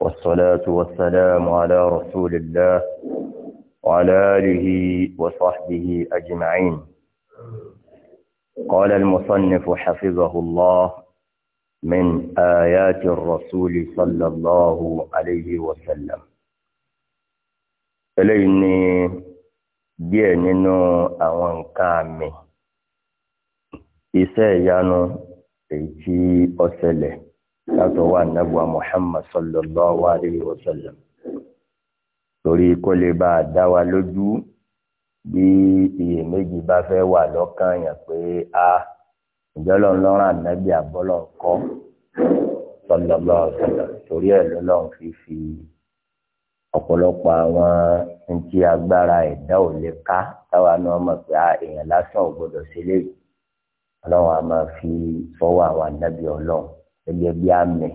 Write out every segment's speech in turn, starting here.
والصلاة والسلام على رسول الله وعلى آله وصحبه أجمعين قال المصنف حفظه الله من آيات الرسول صلى الله عليه وسلم إليني بيننا nínú àwọn nǹkan àmì iṣẹ́ látọwọ́ ànábùwà Muhammad sallallahu alayhi wa sallam torí kó lè bá a dá wa lójú bí iyèméjì bá fẹ́ wà lọ́kàn yẹn pé a ìjọlọ ńlọrọ̀ ànábì àbọlọ ńkọ sallallahu alayhi wa sallam torí ẹ lọlọrun fífi ọ̀pọ̀lọpọ̀ àwọn ntí agbára ẹ̀dá ò lè ká táwa náà mọ̀ pé èèyàn lásán ò gbọdọ̀ sílẹ̀ ọlọ́run a máa fi fọwọ́ àwọn ànábì ọlọ́run gẹ́gẹ́ bí àmì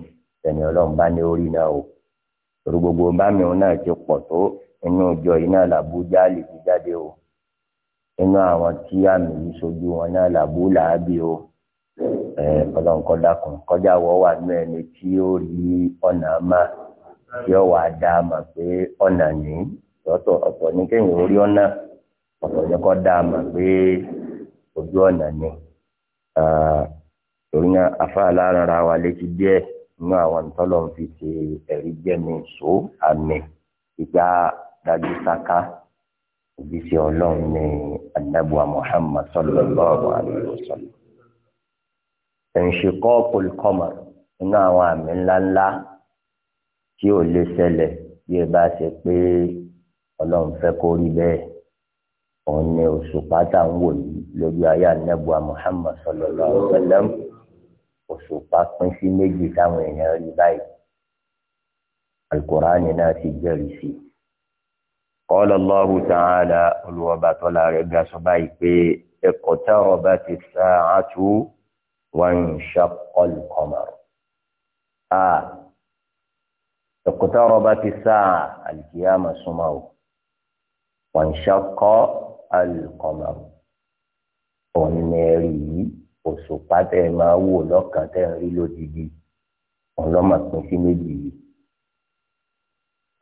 ẹni ọlọ́run bá ní orí náà o torí gbogbo bámi òun náà ti pọ̀ tó inú ìjọ yìí náà làbújá lè fi jáde o inú àwọn tí àmì yìí ṣojú wọn náà làbú làábì o ọlọ́run kọ́dà kan kọjá wọ́ wà ní ẹni tí ó rí ọ̀nà má tí ó wà dá mà pé ọ̀nà ní ọ̀tọ̀ ọ̀tọ̀ ní kéèyàn orí ọ̀nà ọ̀tọ̀ ní kọ́ dá mà pé ojú ọ̀nà ní torí náà afá lára wa létí díẹ̀ nínú àwọn ìtọ́lọ̀ ń fi ṣe ẹ̀rí jẹ́mi ìṣó àmì ìjà dájú sáká òjíṣẹ́ ọlọ́run ní anábùwà Muhammad sallallahu alaihi wasallam. inshiqaqul qamar nínú àwọn àmì ńláńlá tí ò lè ṣẹlẹ̀ bí ẹ bá ṣe pé ọlọ́run fẹ́ kó rí bẹ́ẹ̀ òun ni òṣùpá tá à ń wò yìí lójú ayé anábùwà Muhammad sallallahu alaihi wasallam òṣùpá pín sí méjì táwọn èèyàn rí báyìí alukur'ani náà ti jẹ́rìí sí i. qala Allahu ta'ala olùwọ́ba tọ́lá rẹ̀ ga sọ báyìí pé iqtarabat as-sa'atu wanshaqqa al-qamar. a iqtarabat as-sa'a al-qiyama súnmọ́ o wanshaqqa al-qamar. òun ní ẹ̀rí yìí òṣùpá tẹ ẹ máa wò lọ́kàn tẹ ẹ rí lódìdí ọlọ́mà pín sí méjì yìí.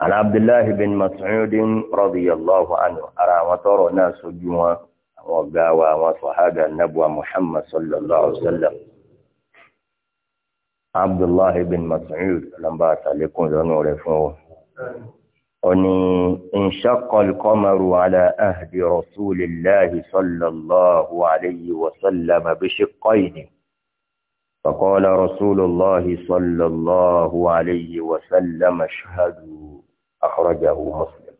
عن عبد الله بن مسعود رضي الله عنه أرى وترنا سجوا وقاوى وصحابة النبوة محمد صلى الله عليه وسلم عبد الله بن مسعود لما سألكم ذنور فوه أني وانشق القمر على أهد رسول الله صلى الله عليه وسلم بشقين فقال رسول الله صلى الله عليه وسلم اشهدوا أخرجه مسلم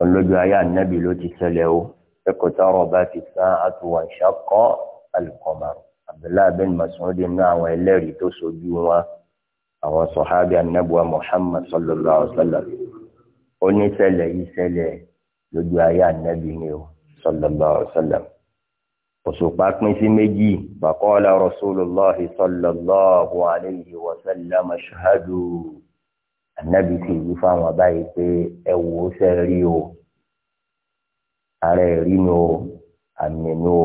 قل له يا النبي لو تسلعوا اقتربت الساعة وانشق القمر عبد الله بن مسعود náà àwọn ẹlẹ́rìí tó sojú wọn àwọn sọ̀hábì anábùwà Muhammad sallallahu oníṣẹ̀lẹ̀ yìí ṣẹlẹ̀ lójú ayé ànábì ni o sallallahu alaihi wasallam òṣùpá pín sí méjì bàkọ́lá rasulullahi sallallahu alaihi wasallam ashhadu ànábì ti yí fáwọn báyìí pé ẹ wò ó ṣe rí o ara ẹ̀rí ni o àmì ni o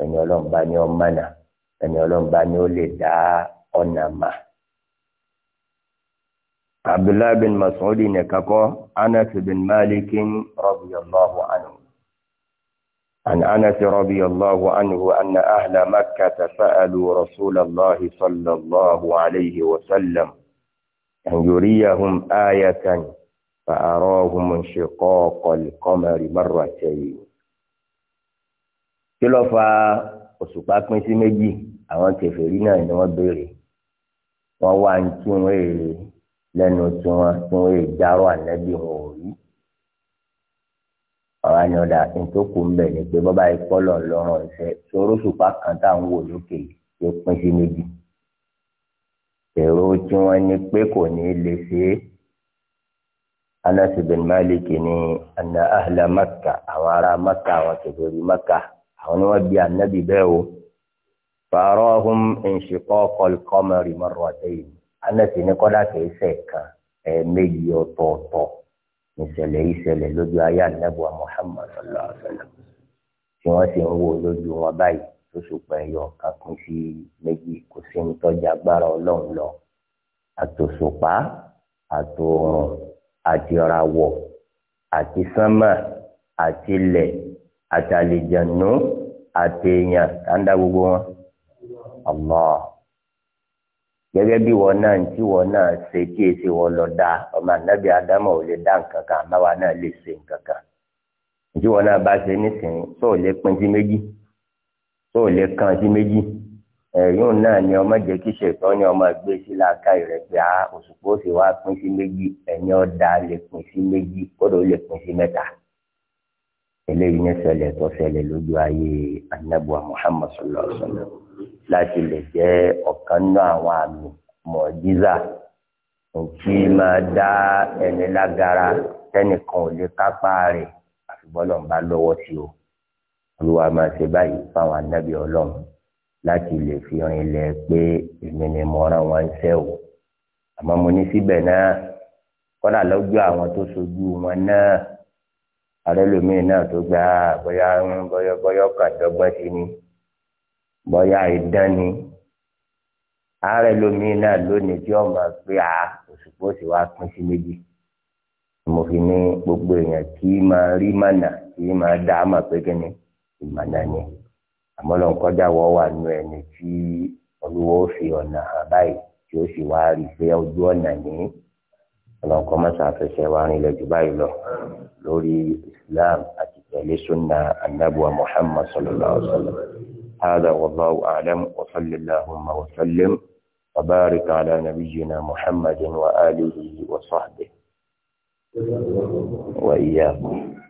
ẹni ọlọ́run bá ní mọ̀nà ẹni ọlọ́run bá ó lè dá ọ̀nà mà abdullahi bin mas'udi nìkan kọ́ anas bin malik radiyallahu anhu عن أنس رضي الله عنه أن أهل مكة سألوا رسول الله صلى الله عليه وسلم أن يريهم آية فأراهم انشقاق القمر مرتين kí ló fà òṣùpá pín sí méjì àwọn kèfèrí náà ni wọ́n béèrè wọ́n wá ń tún lẹ́nu tí wọ́n tí wọ́n yé dárò ànábì wọn ò rí ọ̀rọ̀ ni ọ̀dà ìtòkù ń bẹ̀ ni pé bọ́bá ikọ́ lọ lọ́rùn ẹ̀fẹ́ sọ̀rọ̀ ṣùpá kan tá à ń wò lókè tó pín sí méjì èrò tí wọ́n pé kò ní lè ṣe é Anas bin Malik ni ana ahla Makka àwọn ará Makka àwọn kẹfẹ́rí Makka àwọn ni wọ́n bí ànábì bẹ́ẹ̀ o fàárọ̀ hum ìṣìkọ́ kọlkọ́mọ̀rì marratayn anẹ́sì ní kọ́dà kìí ṣe kan ẹ̀ẹ̀mejì ọ̀tọ̀ọ̀tọ̀ ìṣẹ̀lẹ̀ ìṣẹ̀lẹ̀ lójú ayé anábọ̀ Muhammad sallallahu alaihi wa sallam tí wọ́n sì ń wo lójú wọn báyìí tó ṣùpọ̀ ẹ̀yọ kan pín sí méjì kò sí ní tọ́jú agbára ọlọ́run lọ àtòṣùpá àtòrùn àtìràwọ̀ àti sánmà àti ilẹ̀ àtàlejànú àti èèyàn kàńdà gbogbo wọn. Allah gẹ́gẹ́ bí wọn náà ń tí wọn náà ṣe kí èsì wọn lọ dá ọmọ ànábì ádámọ̀ ò lè dá nǹkan kan àmáwa náà lè ṣe nǹkan kan tí wọn náà bá ṣe nísìnyí tó ò lè pín sí méjì tó ò lè kan sí méjì ẹ̀yún náà ni ọmọ jẹ́ kí ṣètọ́ ni ọmọ gbé sí láàká rẹ̀ pé a òṣùpá sì wá pín sí méjì ẹ̀yìn ọ̀dà lè pín sí méjì kódà ó lè pín sí mẹ́ta eléyìí ní ṣẹlẹ̀ tó ṣẹlẹ̀ lójú ayé anábùwà Muhammad sallallahu alaihi wa sallam láti lè jẹ́ ọ̀kan náà àwọn àmì mọ̀jíza nǹkí máa dá ẹni lágara tẹnìkan ò lè kápá rẹ̀ àfibọ́lọ̀ ń bá lọ́wọ́ sí o olúwa máa ṣe báyìí fáwọn anábì ọlọ́run láti lè fi rinlẹ̀ pé èmi ni mo rán wọn ṣẹ́ o àmọ́ mo ní síbẹ̀ náà kọ́dà lọ́jọ́ àwọn tó ṣojú wọn náà àrẹ́lòmíì náà tó gba bóyá bóyá bóyá kàdọ́gbọ́n sí ni bọ́yá ìdán ni ààrẹ lómi náà lónìí tí wọ́n máa pé a òṣùpọ̀ sì wá pín sí méjì mo fi ní gbogbo èèyàn kì í máa rí mànà kì í máa dá a mà pé kí ni ìmànà ni àmọ́ lọ́n kọjá wọ́ wà nù ẹni tí olúwo fi ọ̀nà hàn báyìí tí ó sì wá rí pé ojú ọ̀nà ní ọlọ́n kọ́ mọ́sá fẹsẹ̀ wá rinlẹ̀ jù báyìí lọ lórí Islam àti tẹ̀lé sunna anabuwa Muhammad sallallahu alaihi wa sallam. هذا والله أعلم وصل اللهم وسلم وبارك على نبينا محمد وآله وصحبه وإياكم